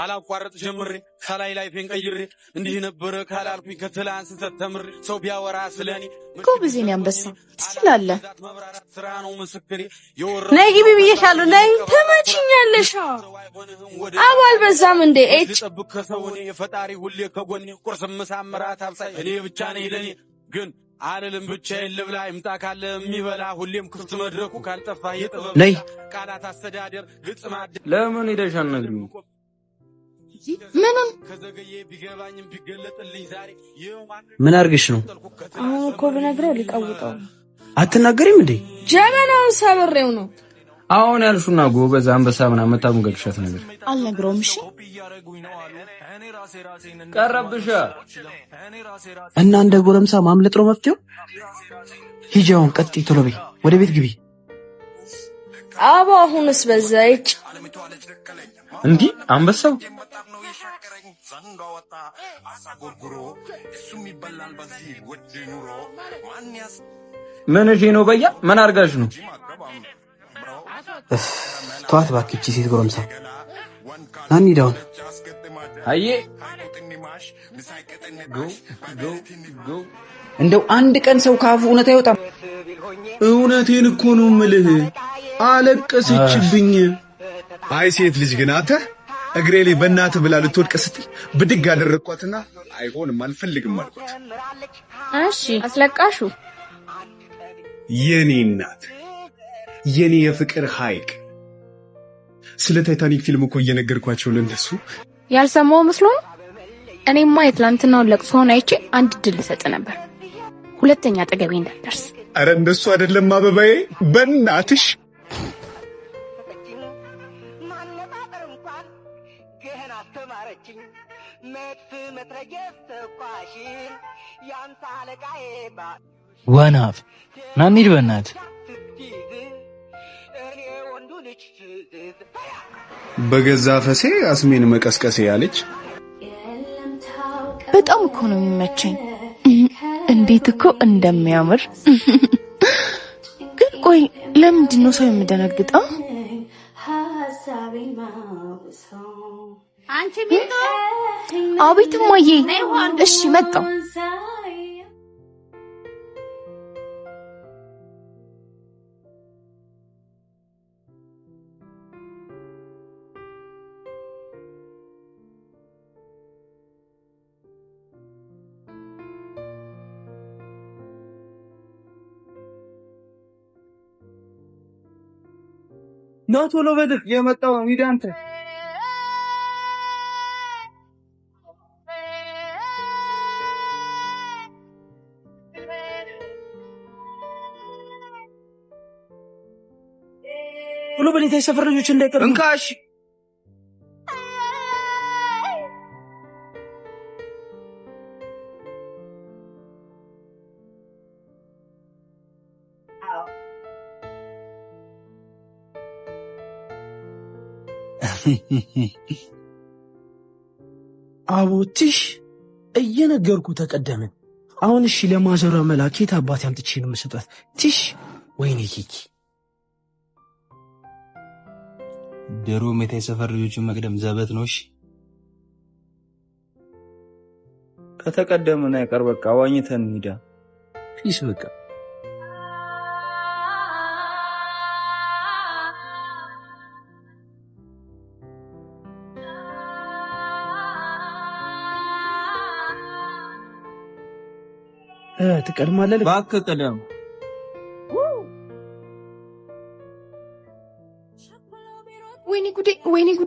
አላቋረጥ ጀምሬ ከላይ ላይ ቀይሬ እንዲህ ነበረ ካላልኩኝ ከትላንት ስህተት ተምሬ ሰው ቢያወራ ስለኔ ጎበዜ ነኝ። አንበሳ ትችላለህ። ስራ ነው ምስክሬ። ነይ ግቢ ብዬሻለሁ። ነይ ተመችኛለሽ። አቦ አልበዛም እንዴ? ኤች ጠብቅ ከሰውኔ የፈጣሪ ሁሌ ከጎኔ ቁርስ ምሳምራት አብሳይ እኔ ብቻ ነኝ ለኔ ግን አልልም ብቻ ልብላ ይምጣ ካለ የሚበላ ሁሌም ክፍት መድረኩ ካልጠፋ የጥበብ ነይ ቃላት አስተዳደር ግጥም ለምን ሄደሽ አልነግሪኝም? ምንም ምን አርግሽ ነው አሁን እኮ ብነግረው ሊቀውጠው አትናገሪም እንዴ ጀበናውን ሰብሬው ነው አሁን ያልሹና ጎበዝ አንበሳ ምናምን መታሙን ገብሻት ነገር አልነግረውም እሺ ቀረብሽ እና እንደ ጎረምሳ ማምለጥ ነው መፍትሄው ሂጂ አሁን ቀጥ ቶሎ በይ ወደ ቤት ግቢ አባ አሁንስ በዛ ይጭ እንዲህ አንበሳው ዘንዶ ወጣ አሳ ጎርጉሮ እሱም ይበላል በዚህ ውድ ኑሮ። ምን እሺ ነው በያ ምን አርጋሽ ነው ተዋት ባክቺ ሴት ጎረምሳ ናኒ ዳውን አዬ እንደው አንድ ቀን ሰው ካፉ እውነት አይወጣም። እውነቴን እኮ ነው ምልህ አለቀሰችብኝ። አይ ሴት ልጅ ግን እግሬ ላይ በእናት ብላ ልትወድቅ ስትል ብድግ አደረግኳትና አይሆንም አልፈልግም አልኳት። እሺ አስለቃሹ የኔ እናት የኔ የፍቅር ሐይቅ ስለ ታይታኒክ ፊልም እኮ እየነገርኳቸው ለነሱ ያልሰማው ምስሉ እኔማ የትላንትናውን ለቅሶውን አይቼ አንድ ድል ሰጥ ነበር። ሁለተኛ አጠገቤ እንዳትደርስ። አረ እንደሱ አይደለም አበባዬ፣ በእናትሽ ዋናፍ ና እንሂድ፣ በእናትህ በገዛ ፈሴ አስሜን መቀስቀሴ ያለች። በጣም እኮ ነው የሚመቸኝ። እንዴት እኮ እንደሚያምር ግን፣ ቆይ ለምንድን ነው ሰው የምደነግጠው? አንቺ ሚጡ፣ አቤት እማዬ። እሺ መጣሁ። ና ቶሎ በል፣ የመጣው ነው። አንተ ሁሉ በኔታ የሰፈር ልጆች እንዳይቀር እንካሽ አቦትሽ እየነገርኩ ተቀደምን። አሁን እሺ ለማዘሯ መላኬት አባት ያምጥቼ ነው የምሰጧት። ትሽ ወይኔ ኬኪ ድሮ ሜታ የሰፈር ልጆችን መቅደም ዘበት ነው። እሺ ከተቀደምን አይቀር በቃ ዋኝተን ሚዳ ፊስ በቃ ትቀድማለህ። እባክህ ቅደም።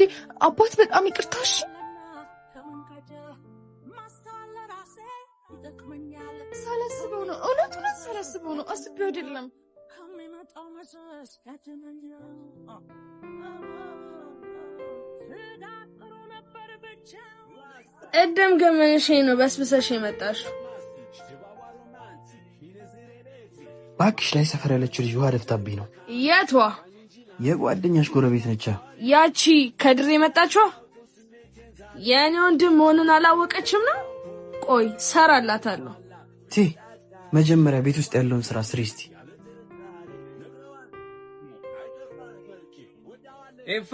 እንዴ አባት፣ በጣም ይቅርታሽ። ሳላስበው ነው፣ እውነት እውነት ሳላስበው ነው፣ አስቤው አይደለም። ቅድም ገመንሽ ነው በስብሰሽ የመጣሽ። ባክሽ ላይ ሰፈር ያለችው ልጅ ውሃ ደፍታብኝ ነው። የትዋ! የጓደኛሽ ጎረቤት ነቻ። ያቺ ከድር የመጣችው የእኔ ወንድም መሆኑን አላወቀችም ነው። ቆይ ሰራላታለሁ። ቲ መጀመሪያ ቤት ውስጥ ያለውን ስራ ስሪ እስቲ። ኤፋ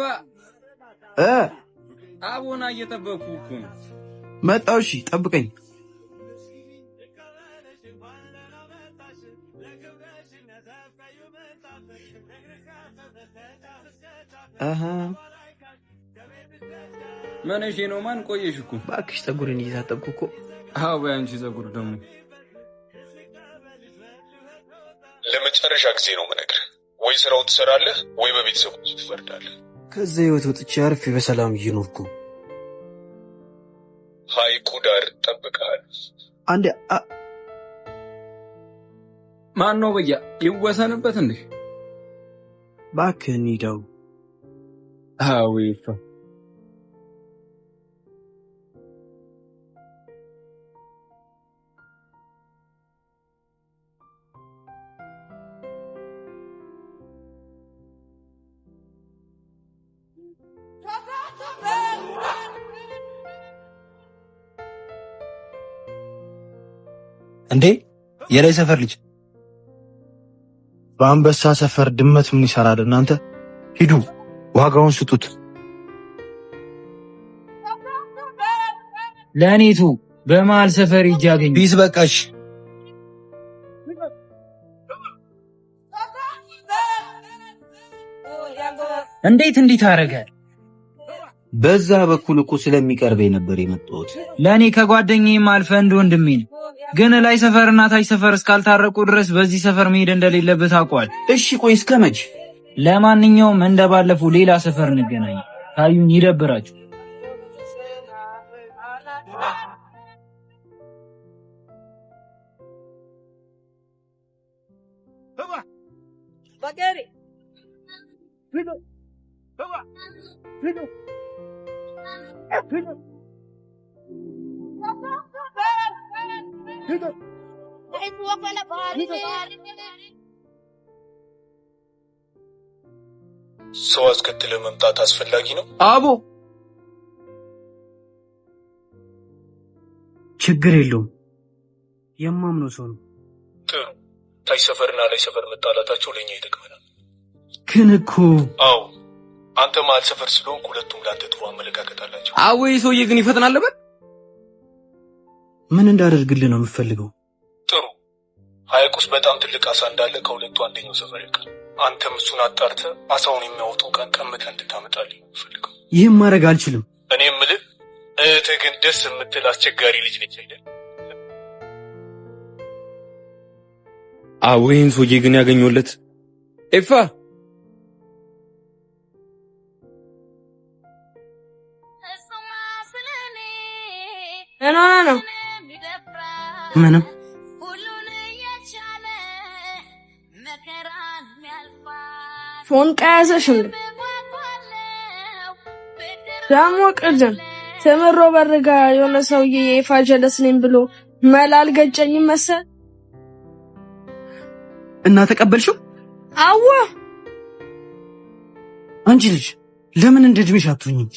አቦና እየጠበቅኩ እኮ ነው። እሺ ጠብቀኝ። መነሼ ነው። ማን ቆየሽ እኮ እባክሽ፣ ፀጉርን እየታጠብኩ እኮ። አዎ፣ አንቺ ፀጉር ደግሞ ለመጨረሻ ጊዜ ነው የምነግርህ። ወይ ስራው ትሰራለህ፣ ወይ በቤተሰቡ ትፈርዳለህ። ከዚ ህይወት ወጥቼ አርፌ በሰላም እየኖርኩ ሀይቁ ዳር ጠብቀሃል። አንዴ ማን ነው በያ ይወሰንበት እንዴ? እባክህ እንሂድ። Ah oui, enfin. እንዴ የላይ ሰፈር ልጅ በአንበሳ ሰፈር ድመት ምን ይሰራል? እናንተ ሂዱ። ዋጋውን ስጡት። ለኔቱ በመሀል ሰፈር ሂጅ አገኝ ቢስ በቃሽ። እንዴት እንዲት አረገ? በዛ በኩል እኮ ስለሚቀርበ ነበር የመጣሁት። ለእኔ ከጓደኛዬም አልፈ እንደ ወንድሜ ነው። ግን ላይ ሰፈርና ታች ሰፈር እስካልታረቁ ድረስ በዚህ ሰፈር መሄድ እንደሌለበት አውቋል። እሺ ቆይ እስከ መቼ ለማንኛውም እንደባለፉ ሌላ ሰፈር እንገናኝ። ታዩኝ ይደብራችሁ። ሰው አስከትለ መምጣት አስፈላጊ ነው። አቦ ችግር የለውም። የማምነው ሰው ነው። ጥሩ ታች ሰፈርና ላይ ሰፈር መጣላታቸው ለእኛ ይጠቅመናል። ግን እኮ አዎ፣ አንተ መሀል ሰፈር ስለሆን ሁለቱም ለአንተ ጥሩ አመለካከት አላቸው። አዎ፣ ይህ ሰውዬ ግን ይፈጥናል ምን እንዳደርግልህ ነው የምፈልገው? ጥሩ ሐይቅ ውስጥ በጣም ትልቅ አሳ እንዳለ ከሁለቱ አንደኛው ሰፈር ያውቃል። አንተም እሱን አጣርተ አሳውን የሚያወጡ ቀን ቀምተ እንድታመጣልኝ ፈልገው። ይህም ማድረግ አልችልም። እኔ የምልህ እህትህ ግን ደስ የምትል አስቸጋሪ ልጅ ነች አይደል? አዎ። ይህን ሰውዬ ግን ያገኘለት ኤፋ ምንም ፎንቃ ያዘሽ እንዴ? ደግሞ ቅድም ተምሮ በርጋ የሆነ ሰውዬ የይፋ ጀለስ ነኝ ብሎ መላ አልገጨኝም መሰል እና ተቀበልሽው? አዋ አንቺ ልጅ ለምን እንደ እድሜሽ አትሆኝም?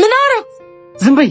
ምን አረኩ? ዝም በይ።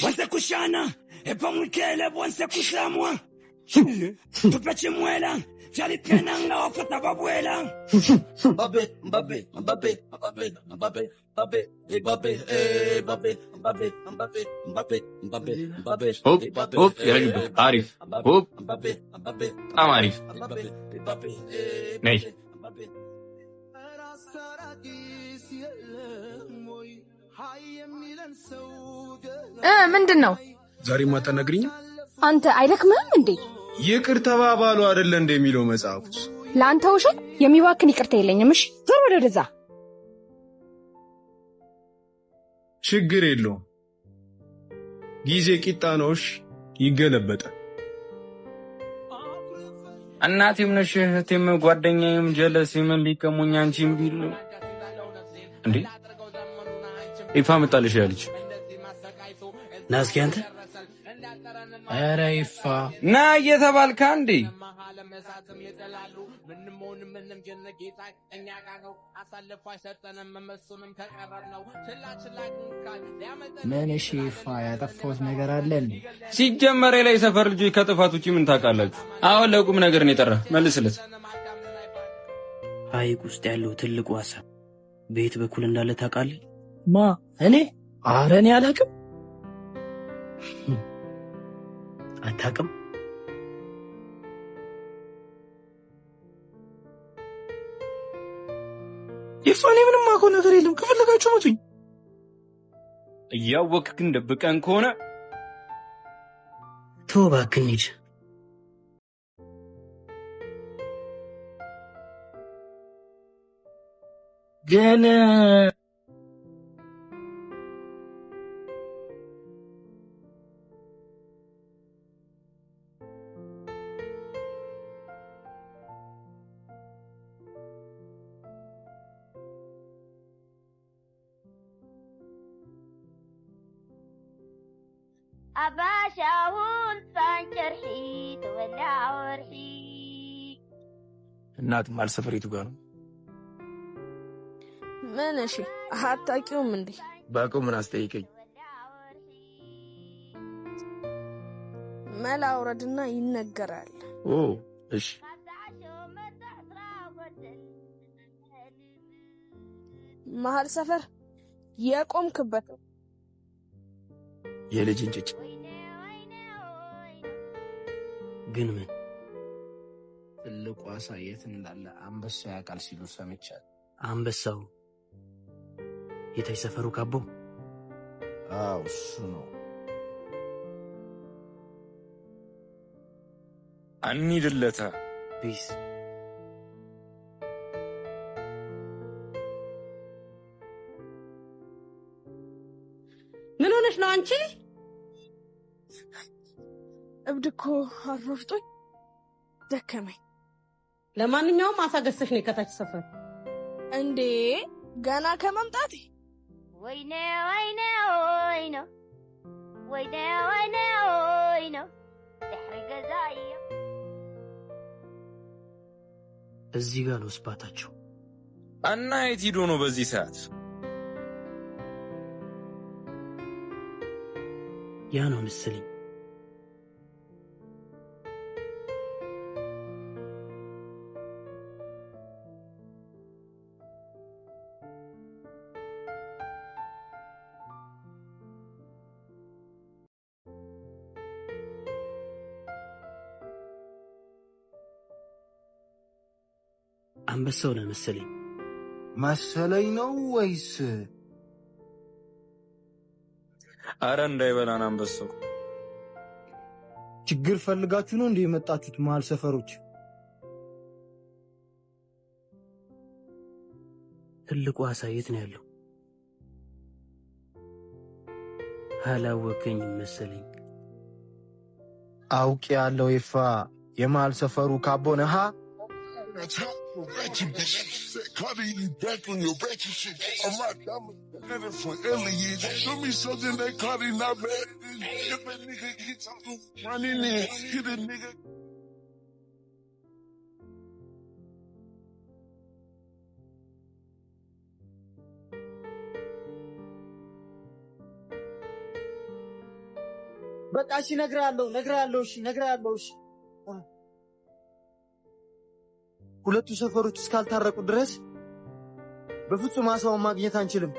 bwanse kushana epamwikele bwanse kusamwa tupece mwela vyalipenanga wafata babwela mbabe mbabe mbabe mbabe mbabe Mbappé, Mbappé, Mbappé, Mbappé, Mbappé, Mbappé, Mbappé, Mbappé. Hop, hop, hop, Mbappé, Mbappé. Mbappé, Mbappé, Mbappé. ምንድን ነው ዛሬ ማታናግሪኝ? አንተ አይደክምህም እንዴ? ይቅር ተባባሉ አይደለ እንደ የሚለው መጽሐፉስ። ለአንተ ውሸት የሚባክን ይቅርታ የለኝም። እሺ ዞር ወደ ወደዛ። ችግር የለውም ጊዜ ቂጣ ነው። እሺ ይገለበጣል። እናቴም ነሽ እህቴም ጓደኛዬም ጀለሴም ሊቀሙኝ አንቺም ቢሉ እንዴ ይፋ መጣልሽ ያለች ና እስኪ አንተ ኧረ ይፋ ና እየተባልካ እንዴ ምን እሺ ይፋ ያጠፋሁት ነገር አለን። እንዴ? ሲጀመር ላይ ሰፈር ልጆች ከጥፋት ውጪ ምን ታውቃላችሁ? አሁን ለቁም ነገር ነው የጠራ መልስለት። ሐይቅ ውስጥ ያለው ትልቁ አሳ በየት በኩል እንዳለ ታውቃለህ? ማ እኔ አረኔ አላውቅም። አታውቅም። የሷ ምንም ማውቀው ነገር የለም። ከፈለጋችሁ ሙቱኝ። እያወቅህ ደብቀን ከሆነ ተወው እባክህ ግን አባሻውን ፋንጨርሒ ተወላዕ ወርሒ እናት ማል ሰፈሪቱ ጋር ነው ምን? እሺ አታውቂውም እንዴ? በአውቀው ምን አስጠይቀኝ። መላ አውረድና ይነገራል። ኦ እሺ መሀል ሰፈር የቆምክበት ነው የልጅ እንጭጭ ግን ምን ትልቁ አሳ የት እንዳለ አንበሳው ያውቃል ሲሉ ሰምቻል። አንበሳው የታይ ሰፈሩ ካቦ? አዎ እሱ ነው። አንሂድለታ ቢስ ምን ሆነሽ ነው አንቺ? እብድ እኮ አሯርጦኝ ደከመኝ። ለማንኛውም አሳገሰሽ ነው ከታች ሰፈር እንዴ ገና ከመምጣቴ ወይኔ ወይኔ ወይ ነው ወይኔ ወይኔ ወይ ነው ድሕሪ ገዛ እያ እዚህ ጋር ነው ስባታችሁ እና የት ሂዶ ነው በዚህ ሰዓት? ያ ነው ምስልኝ አንበሳው ነው መሰለኝ። መሰለኝ ነው ወይስ? አረ እንዳይበላን አንበሳው። ችግር ፈልጋችሁ ነው እንደ የመጣችሁት መሀል ሰፈሮች? ትልቁ አሳየት ነው ያለው? አላወቀኝ መሰለኝ። አውቄ ያለው ይፋ የመሀል ሰፈሩ ካቦነሃ I talk for ratchet, bitch. Said, you back on your ratchet shit. I'm right, I'm headed for Elliot. Show me something that Cardi not bad. If a nigga keep talking, run in hit a nigga. በቃ እሺ እነግርሃለሁ፣ እነግርሃለሁ፣ እሺ እነግርሃለሁ፣ እሺ ሁለቱ ሰፈሮች እስካልታረቁ ድረስ በፍጹም አሳውን ማግኘት አንችልም።